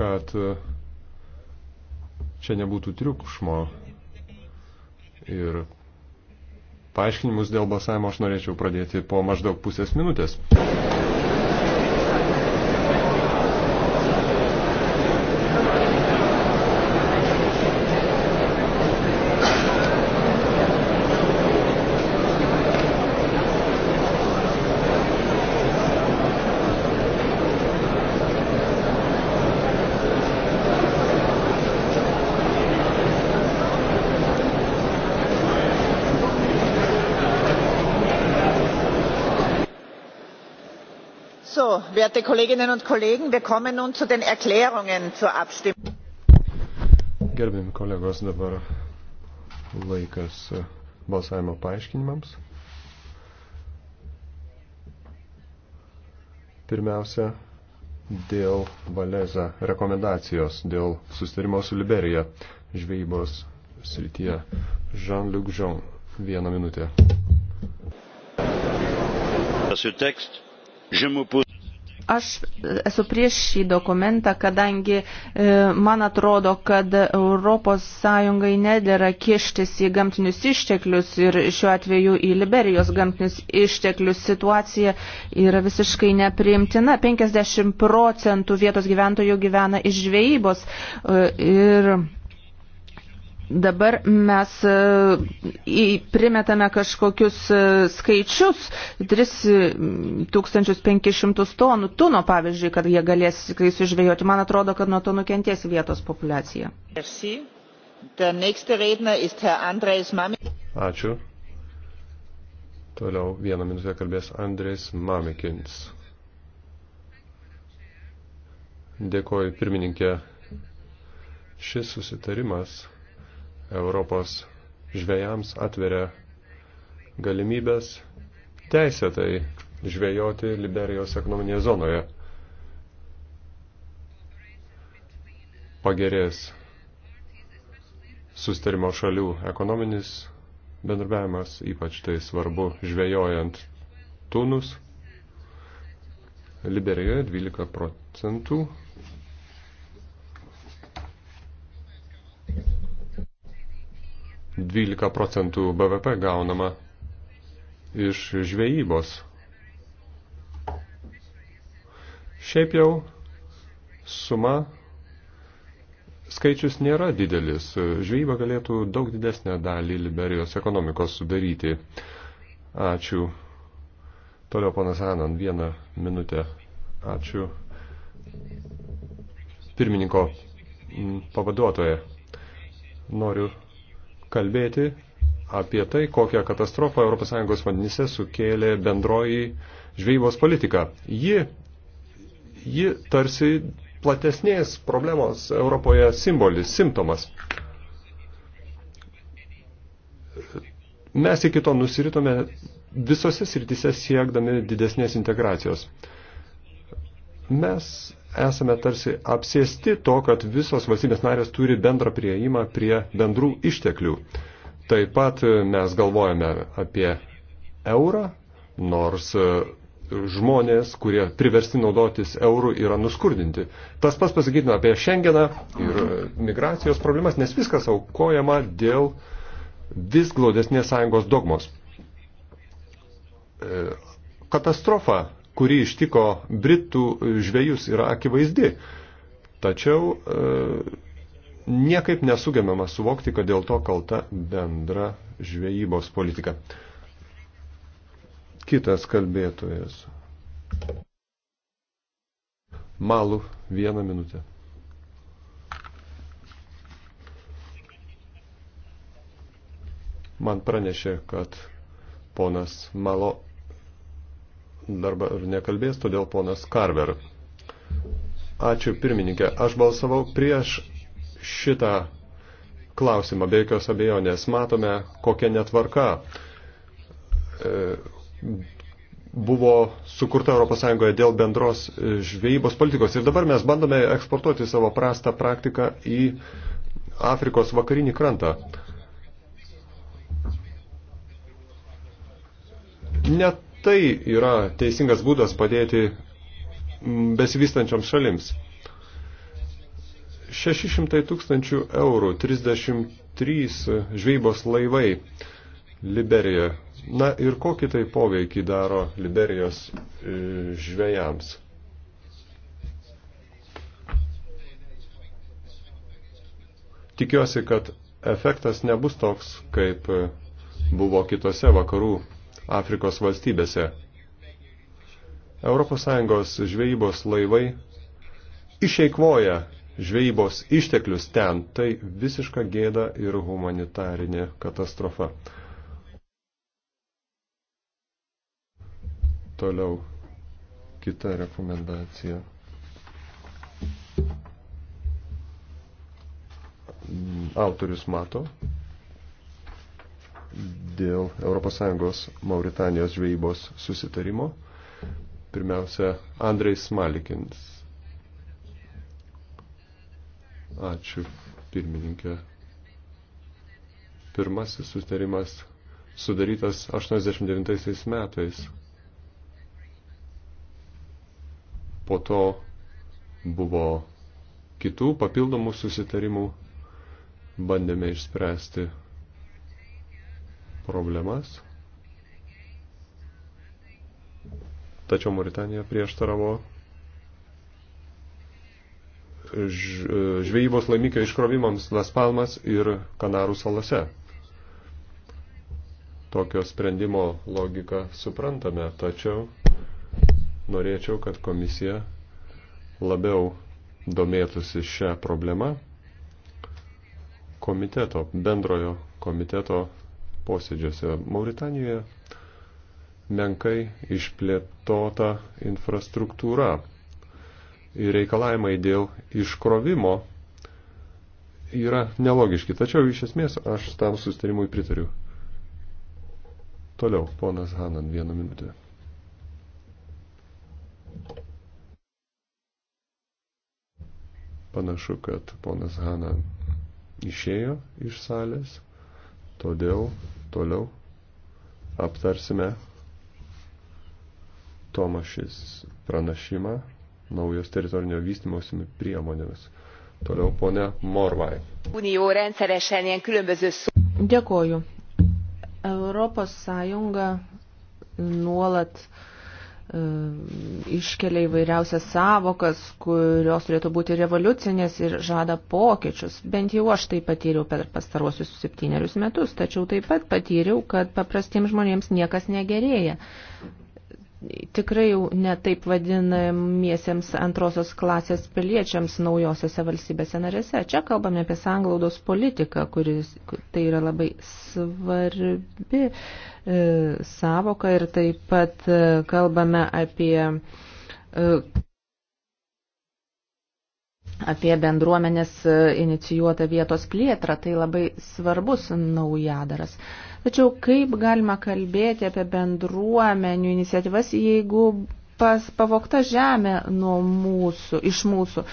kad e, čia nebūtų triukšmo. Ir paaiškinimus dėl balsavimo aš norėčiau pradėti po maždaug pusės minutės. verehrte kolleginnen und kollegen wir kommen nun zu den erklärungen zur abstimmung. gerbiami kolegos dabar laikas balsavimo paaiškinimams. Pirmiausia, dėl Valeza rekomendacijos dėl susitarimo su Liberija žvejybos srityje. Jean-Luc Jean, vieną minutę. Ce texte, je m'oppose. Aš esu prieš šį dokumentą, kadangi e, man atrodo, kad ES nedėra kištis į gamtinius išteklius ir šiuo atveju į Liberijos gamtinius išteklius. Situacija yra visiškai nepriimtina. 50 procentų vietos gyventojų gyvena iš žvejybos. E, ir Dabar mes e, primetame kažkokius e, skaičius, 3500 e, tonų, tuno pavyzdžiui, kad jie galės kai sužvėjoti. Man atrodo, kad nuo to nukenties vietos populiacija. Ačiū. Toliau vieną minutę kalbės Andrės Mamikins. Dėkoju pirmininkė. Šis susitarimas Europos žvėjams atveria galimybės teisėtai žvėjoti Liberijos ekonominėje zonoje. Pagerės sustarimo šalių ekonominis bendrabiavimas, ypač tai svarbu žvėjojant tunus. Liberijoje 12 procentų 12 procentų BVP gaunama iš žvejybos. Šiaip jau suma skaičius nėra didelis. Žvejyba galėtų daug didesnę dalį Liberijos ekonomikos sudaryti. Ačiū. Toliau ponas Anan, vieną minutę. Ačiū. Pirmininko pavaduotoje. Noriu kalbėti apie tai, kokią katastrofą ES vandenise sukėlė bendroji žvejybos politika. Ji, ji tarsi platesnės problemos Europoje simbolis, simptomas. Mes iki to nusiritome visose srityse siekdami didesnės integracijos. Mes esame tarsi apsėsti to, kad visos valstybės narės turi bendrą prieimą prie bendrų išteklių. Taip pat mes galvojame apie eurą, nors e, žmonės, kurie priversti naudotis eurų, yra nuskurdinti. Tas pas pasakytina apie Šengeną ir migracijos problemas, nes viskas aukojama dėl vis glaudesnės sąjungos dogmos. E, katastrofa kuri ištiko Britų žvėjus, yra akivaizdi. Tačiau e, niekaip nesugebama suvokti, kad dėl to kalta bendra žvejybos politika. Kitas kalbėtojas. Malų vieną minutę. Man pranešė, kad ponas Malo dabar nekalbės, todėl ponas Karver. Ačiū pirmininkė. Aš balsavau prieš šitą klausimą, be jokios abejonės. Matome, kokia netvarka e, buvo sukurta ES dėl bendros žvejybos politikos. Ir dabar mes bandome eksportuoti savo prastą praktiką į Afrikos vakarinį krantą. Net tai yra teisingas būdas padėti besivystančiam šalims. 600 tūkstančių eurų, 33 žvejybos laivai Liberijoje. Na ir kokį tai poveikį daro Liberijos e, žvejams? Tikiuosi, kad efektas nebus toks, kaip buvo kitose vakarų Afrikos valstybėse. ES žvejybos laivai išeikvoja žvejybos išteklius ten. Tai visiška gėda ir humanitarinė katastrofa. Toliau kita rekomendacija. Autorius mato dėl ES Mauritanijos žvejybos susitarimo. Pirmiausia, Andrei Smalikins. Ačiū, pirmininkė. Pirmasis susitarimas sudarytas 89 metais. Po to buvo kitų papildomų susitarimų, bandėme išspręsti problemas. Tačiau Mauritanija prieštaravo žvejybos laimikio iškrovimams Las Palmas ir Kanarų salose. Tokio sprendimo logiką suprantame, tačiau norėčiau, kad komisija labiau domėtųsi šią problemą komiteto, bendrojo komiteto posėdžiuose. Mauritanijoje menkai išplėtota infrastruktūra ir reikalavimai dėl iškrovimo yra nelogiški. Tačiau iš esmės aš tam sustarimui pritariu. Toliau, ponas Hanan, vieną minutę. Panašu, kad ponas Hanan išėjo iš salės. Todėl toliau aptarsime Tomašis pranašimą naujos teritorinio vystimosi priemonėmis. Toliau ponia Morvai. Unijo rendszeresen ilyen különböző szó. Dėkoju. Europos Sąjunga nuolat uh, E, iškelia įvairiausias savokas, kurios turėtų būti revoliucinės ir žada pokyčius. Bent jau aš tai patyriau per pastaruosius septynerius metus, tačiau taip pat patyriau, kad paprastiems žmonėms niekas negerėja tikrai jau netaip vadinamiesiems antrosios klasės piliečiams naujosiose valstybėse narėse. Čia kalbame apie sanglaudos politiką, kuris tai yra labai svarbi e, savoka ir taip pat e, kalbame apie e, apie bendruomenės e, inicijuotą vietos plėtrą, tai labai svarbus naujadaras. Tačiau kaip galima kalbėti apie bendruomenių iniciatyvas, jeigu pas pavokta žemė nuo mūsų, iš mūsų.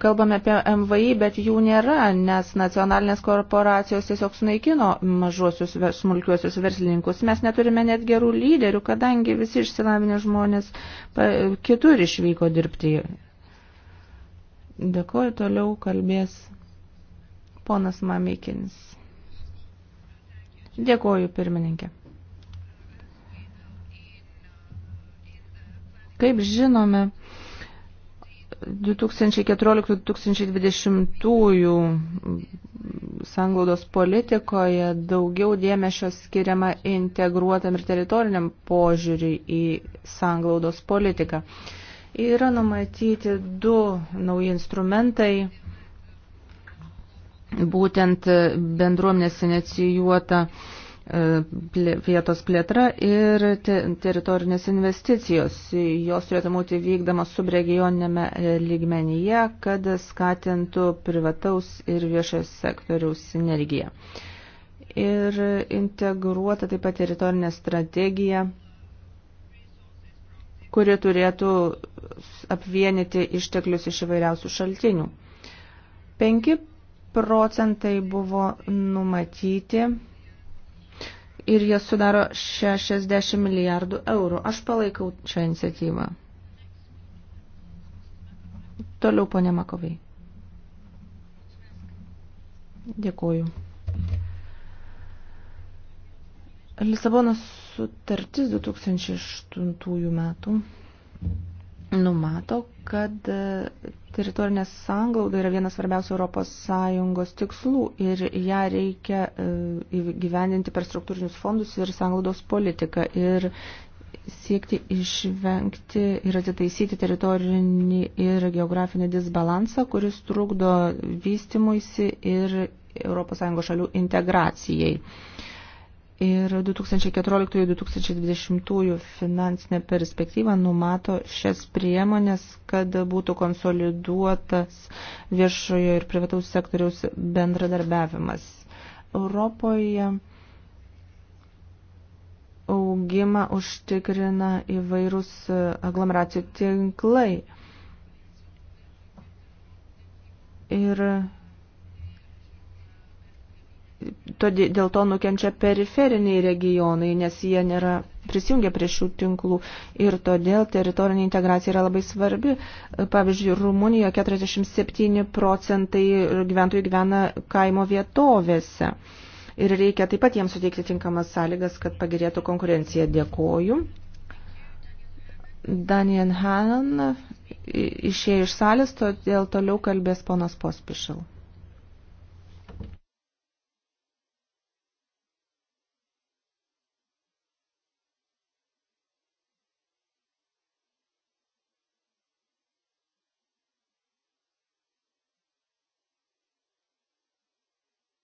Kalbame apie MVI, bet jų nėra, nes nacionalinės korporacijos tiesiog sunaikino mažuosius smulkiuosius verslininkus. Mes neturime net gerų lyderių, kadangi visi išsilavinę žmonės kitur išvyko dirbti Dėkuoju, toliau kalbės ponas Mamikinis. Dėkuoju, pirmininkė. Kaip žinome, 2014-2020 sanglaudos politikoje daugiau dėmesio skiriama integruotam ir teritoriniam požiūriui į sanglaudos politiką. Yra numatyti du nauji instrumentai, būtent bendruomenės inicijuota e, vietos plėtra ir te, teritorinės investicijos. Jos turėtų būti vykdamas subregioninėme e, lygmenyje, kad skatintų privataus ir viešojo sektoriaus sinergiją. Ir integruota taip pat teritorinė strategija kuri turėtų apvienyti išteklius iš įvairiausių šaltinių. 5 procentai buvo numatyti ir jie sudaro 60 milijardų eurų. Aš palaikau šią iniciatyvą. Toliau, ponė Makovai. Dėkuoju. Lisabonos sutartis 2008 metų numato, kad e, teritorinė sanglauda yra vienas svarbiausių ES tikslų ir ją reikia e, gyvendinti per struktūrinius fondus ir sanglaudos politiką ir siekti išvengti ir atitaisyti teritorinį ir geografinį disbalansą, kuris trukdo vystimuisi ir ES šalių integracijai ir 2014-2020 finansinė perspektyva numato šias priemonės, kad būtų konsoliduotas viešojo ir privataus sektoriaus bendradarbiavimas. Europoje augimą užtikrina įvairūs aglomeracijų tinklai. Ir todėl, dėl to nukenčia periferiniai regionai, nes jie nėra prisijungę prie šių tinklų ir todėl teritorinė integracija yra labai svarbi. Pavyzdžiui, Rumunijoje 47 procentai gyventojų gyvena kaimo vietovėse. Ir reikia taip pat jiems suteikti tinkamas sąlygas, kad pagerėtų konkurencija. Dėkoju. Daniel Hanan išėjo iš salės, todėl toliau kalbės ponas Pospišil.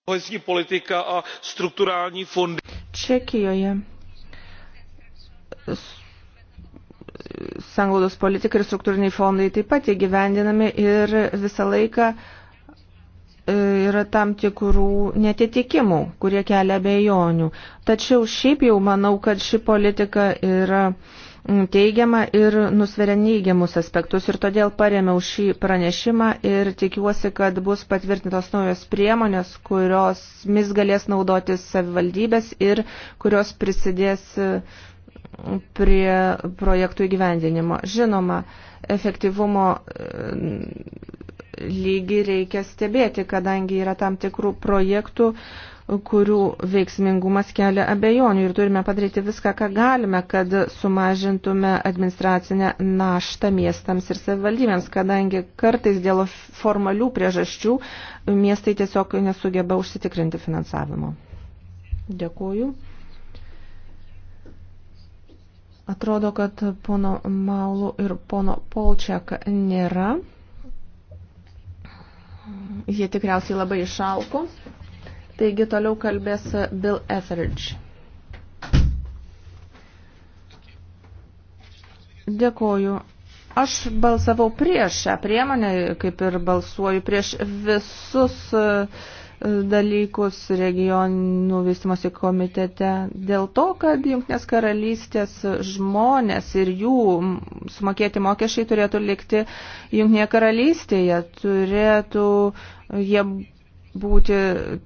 kohezní politika a strukturální fondy. čekijoje sanglaudos politika ir struktūriniai fondai taip pat įgyvendinami ir visą laiką e, yra tam tikrų netitikimų, kurie kelia abejonių. Tačiau šiaip jau manau, kad ši politika yra uh, Mm, teigiamą ir nusveria neigiamus aspektus ir todėl paremiau šį pranešimą ir tikiuosi, kad bus patvirtintos naujos priemonės, kurios mis galės naudotis savivaldybės ir kurios prisidės mm, prie projektų įgyvendinimo. Žinoma, efektyvumo mm, lygį reikia stebėti, kadangi yra tam tikrų projektų, kurių veiksmingumas kelia abejonių ir turime padaryti viską, ką galime, kad sumažintume administracinę naštą miestams ir savivaldybėms, kadangi kartais dėl formalių priežasčių miestai tiesiog nesugeba užsitikrinti finansavimo. Dėkuoju. Atrodo, kad pono Malų ir pono Polčiak nėra. Jie tikriausiai labai išalko. Taigi toliau kalbės Bill Etheridge. Dėkoju. Aš balsavau prieš šią priemonę, kaip ir balsuoju prieš visus e, dalykus regionų vystimosi komitete dėl to, kad Junktinės karalystės žmonės ir jų sumokėti mokesčiai turėtų likti Junktinėje karalystėje, turėtų jie būti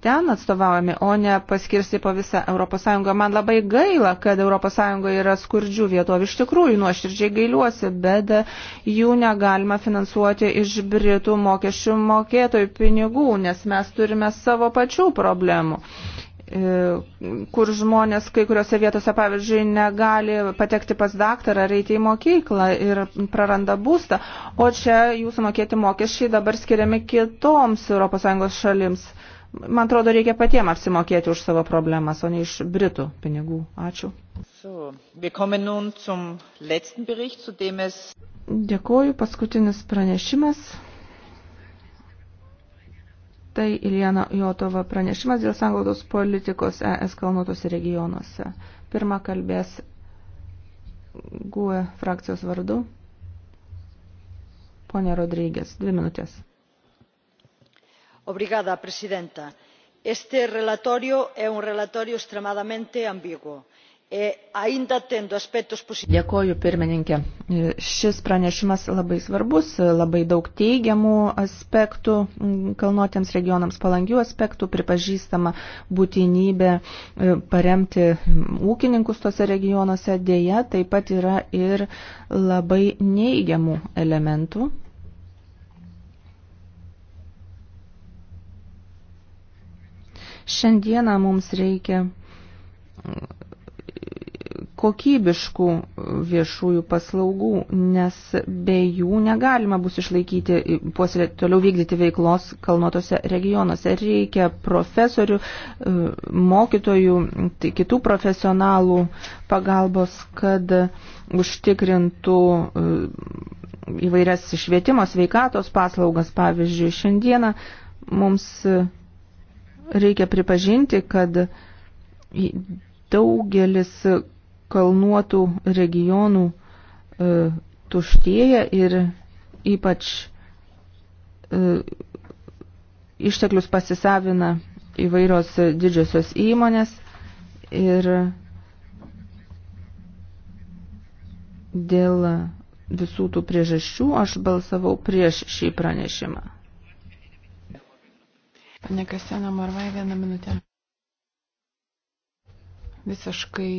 ten atstovaujami, o ne paskirsti po visą ES. Man labai gaila, kad ES yra skurdžių vietovių. Iš tikrųjų, nuoširdžiai gailiuosi, bet jų negalima finansuoti iš Britų mokesčių mokėtojų pinigų, nes mes turime savo pačių problemų. Uh, E, kur žmonės kai kuriuose vietose, pavyzdžiui, negali patekti pas daktarą ar eiti į mokyklą ir praranda būstą, o čia jūsų mokėti mokesčiai dabar skiriami kitoms ES šalims. Man atrodo, reikia patiems apsimokėti už savo problemas, o ne iš Britų pinigų. Ačiū. So, Dėkuoju, paskutinis pranešimas. Tai Iljana Jotova pranešimas dėl sanglaudos politikos ES kalnuotose regionuose. Pirma kalbės GUE frakcijos vardu. Pone Rodrygės, dvi minutės. Obrigada, presidenta. Este relatorio es un relatorio extremadamente ambiguo E, Dėkoju pirmininkė. Šis pranešimas labai svarbus, labai daug teigiamų aspektų, kalnuotėms regionams palankių aspektų, pripažįstama būtinybė e, paremti ūkininkus tose regionuose, dėja taip pat yra ir labai neigiamų elementų. Šiandieną mums reikia kokybiškų viešųjų paslaugų, nes be jų negalima bus išlaikyti, puoselė, toliau vykdyti veiklos kalnuotose regionuose. Reikia profesorių, e, mokytojų, tai kitų profesionalų pagalbos, kad užtikrintų e, įvairias švietimo sveikatos paslaugas. Pavyzdžiui, šiandieną mums reikia pripažinti, kad daugelis kalnuotų regionų e, tuštėja ir ypač e, išteklius pasisavina įvairios didžiosios įmonės ir dėl visų tų priežasčių aš balsavau prieš šį pranešimą. Pane Kasena Marvai, vieną minutę. Visiškai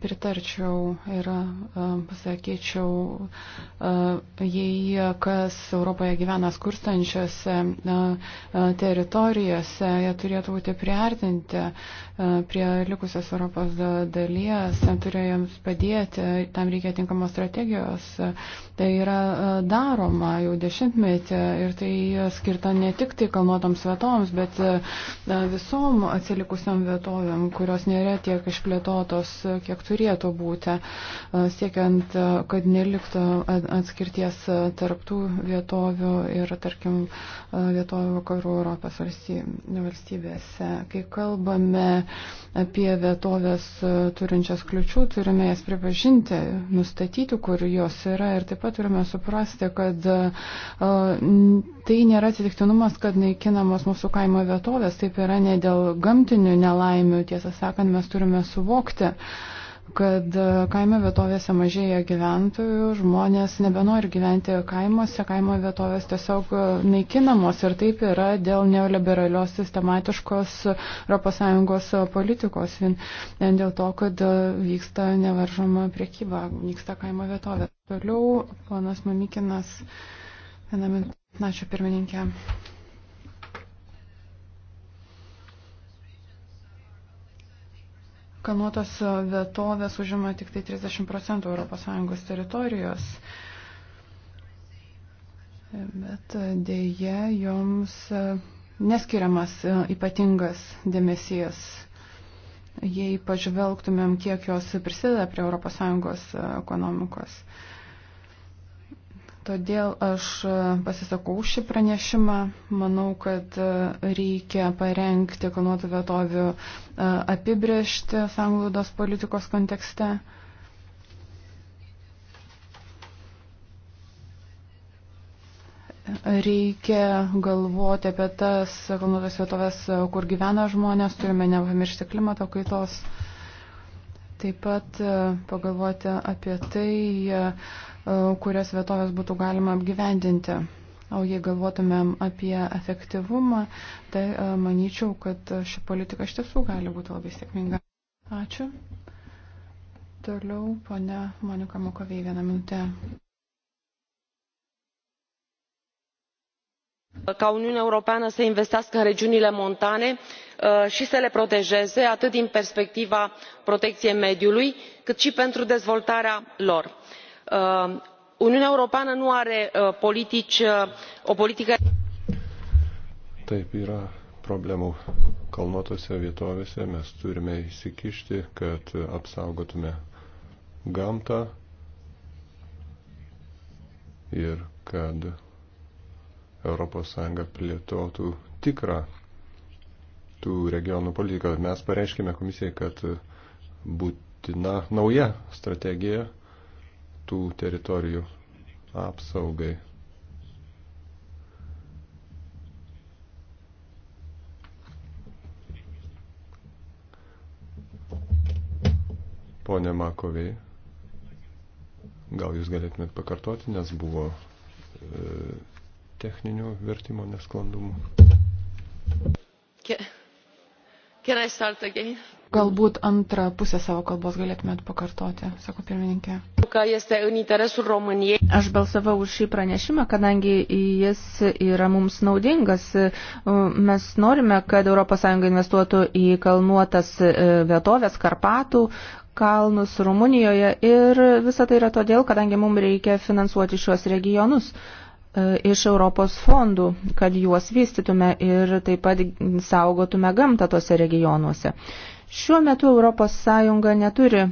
Pritarčiau ir pasakyčiau, jei kas Europoje gyvena skurstančiose teritorijose, jie turėtų būti priartinti prie likusios Europos dalies, turėjo jiems padėti, tam reikia tinkamos strategijos. Tai yra daroma jau dešimtmetį ir tai skirta ne tik tai kalnuotoms vietoms, bet visom atsilikusiam vietovėm, kurios nėra tiek išplėtotos kiek turėtų būti, e, siekiant, e, kad neliktų atskirties tarptų vietovių ir, tarkim, e, vietovių vakarų Europos valstybėse. Kai kalbame apie vietovės turinčias kliučių, turime jas pripažinti, nustatyti, kur jos yra ir taip pat turime suprasti, kad tai nėra atsitiktinumas, kad naikinamos mūsų kaimo vietovės, taip yra ne dėl gamtinių nelaimių, tiesą sakant, mes turime suvokti, kad e, kaimo vietovėse mažėja gyventojų, žmonės nebenori gyventi kaimuose, kaimo vietovės tiesiog e, naikinamos ir taip yra dėl neoliberalios sistematiškos ES politikos, vien dėl to, kad e, vyksta nevaržoma priekyba, vyksta kaimo vietovė. Toliau ponas Mamikinas, vieną minutę, ačiū pirmininkė. kanuotos vietovės užima tik tai 30 procentų ES teritorijos. Bet dėje joms neskiriamas ypatingas dėmesys. Jei pažvelgtumėm, kiek jos prisideda prie ES ekonomikos. Uh, Todėl aš e, pasisakau šį pranešimą. Manau, kad e, reikia parengti kalnuotų vietovių e, apibriežti sanglaudos politikos kontekste. Reikia galvoti apie tas kalnuotas vietovės, kur gyvena žmonės, turime nepamiršti klimato kaitos. Uh, Taip pat e, pagalvoti apie tai, e, e, kurias vietovės būtų galima apgyvendinti. O jei galvotumėm apie efektyvumą, tai manyčiau, kad ši politika iš tiesų gali būti labai sėkminga. Ačiū. Toliau, ponia Monika Mokovė, vieną minutę. ca uniunea europeană să investească în regiunile montane uh, și să le protejeze atât din perspectiva protecției mediului cât și pentru dezvoltarea lor. Uh, uniunea europeană nu are uh, politici, o politică. taip yra problemų kalnuotose vietovėse mes turime įsikišti kad apsaugotume gamtą ir kad ES plėtotų tikrą tų regionų politiką. Mes pareiškime komisijai, kad būtina nauja strategija tų teritorijų apsaugai. Pone Makoviai, gal jūs galėtumėt pakartoti, nes buvo e, techninių vertimo nesklandumų. Galbūt antrą pusę savo kalbos galėtumėt pakartoti, sako pirmininkė. Aš balsavau už šį pranešimą, kadangi jis yra mums naudingas. Mes norime, kad ES investuotų į kalnuotas e, vietovės, Karpatų, kalnus Rumunijoje ir visa tai yra todėl, kadangi mums reikia finansuoti šiuos regionus. E, iš Europos fondų, kad juos vystytume ir taip pat saugotume gamtą tose regionuose. Šiuo metu Europos Sąjunga neturi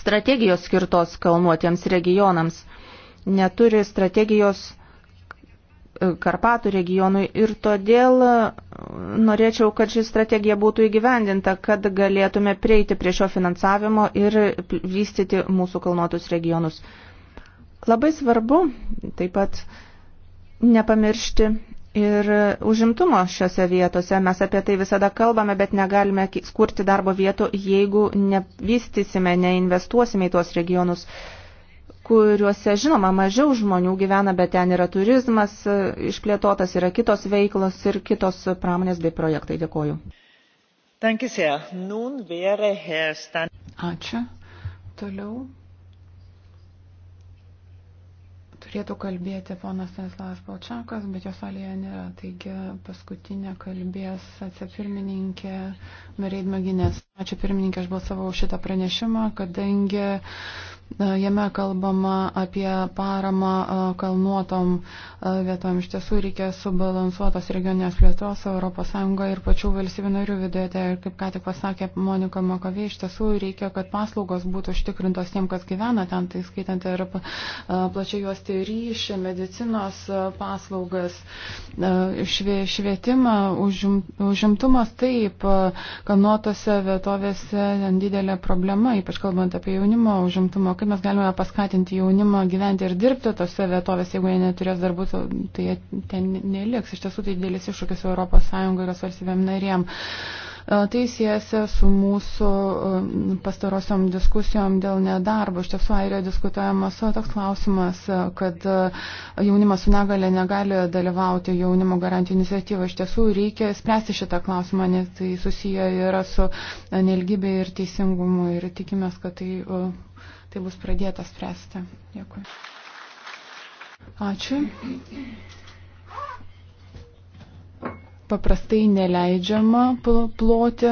strategijos skirtos kalnuotiems regionams, neturi strategijos Karpatų regionui ir todėl norėčiau, kad ši strategija būtų įgyvendinta, kad galėtume prieiti prie šio finansavimo ir vystyti mūsų kalnuotus regionus. Labai svarbu taip pat nepamiršti ir užimtumo šiuose vietose. Mes apie tai visada kalbame, bet negalime skurti darbo vietų, jeigu nevystysime, neinvestuosime į tuos regionus, kuriuose, žinoma, mažiau žmonių gyvena, bet ten yra turizmas, e, išplėtotas yra kitos veiklos ir kitos pramonės bei projektai. Dėkoju. Ačiū. Toliau Turėtų kalbėti ponas Neslavas Palčiakas, bet jo salėje nėra. Taigi paskutinė kalbės atsipirmininkė Marėd Maginės. Ačiū pirmininkė, aš balsavau šitą pranešimą, kadangi Jame kalbama apie paramą kalnuotom vietom. Iš tiesų reikia subalansuotos regioninės plėtros ES ir pačių valstybių narių viduje. Tai, kaip ką tik pasakė Monika Makovė, iš tiesų reikia, kad paslaugos būtų užtikrintos tiem, kas gyvena ten, tai skaitant ir plačiai juos tai ryšį, medicinos paslaugas, švie, švietimą, užim, užimtumas taip, kalnuotose vietovėse didelė problema, ypač kalbant apie jaunimo užimtumo kaip mes galime paskatinti jaunimą gyventi ir dirbti tose vietovėse, jeigu jie neturės darbų, tai jie ten neliks. Iš tiesų tai didelis iššūkis Europos Sąjungai ir valstybėm narėm. Uh, E, tai siejasi su mūsų e, pastarosiom diskusijom dėl nedarbo. Iš tiesų, Airijoje diskutuojamas toks klausimas, e, kad jaunimas su negale negali dalyvauti jaunimo garantijų iniciatyvą. Iš tiesų, reikia spręsti šitą klausimą, nes tai susiję yra su nelgybė ir teisingumu ir tikimės, kad tai, tai bus pradėta spręsti. Dėkui. Ačiū paprastai neleidžiama ploti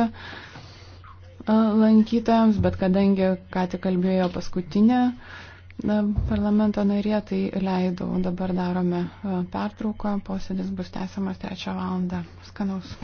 lankytojams, bet kadangi ką tik kalbėjo paskutinė parlamento narė, tai leidau. Dabar darome pertrauką, posėdis bus tęsiamas trečią valandą. Skanaus.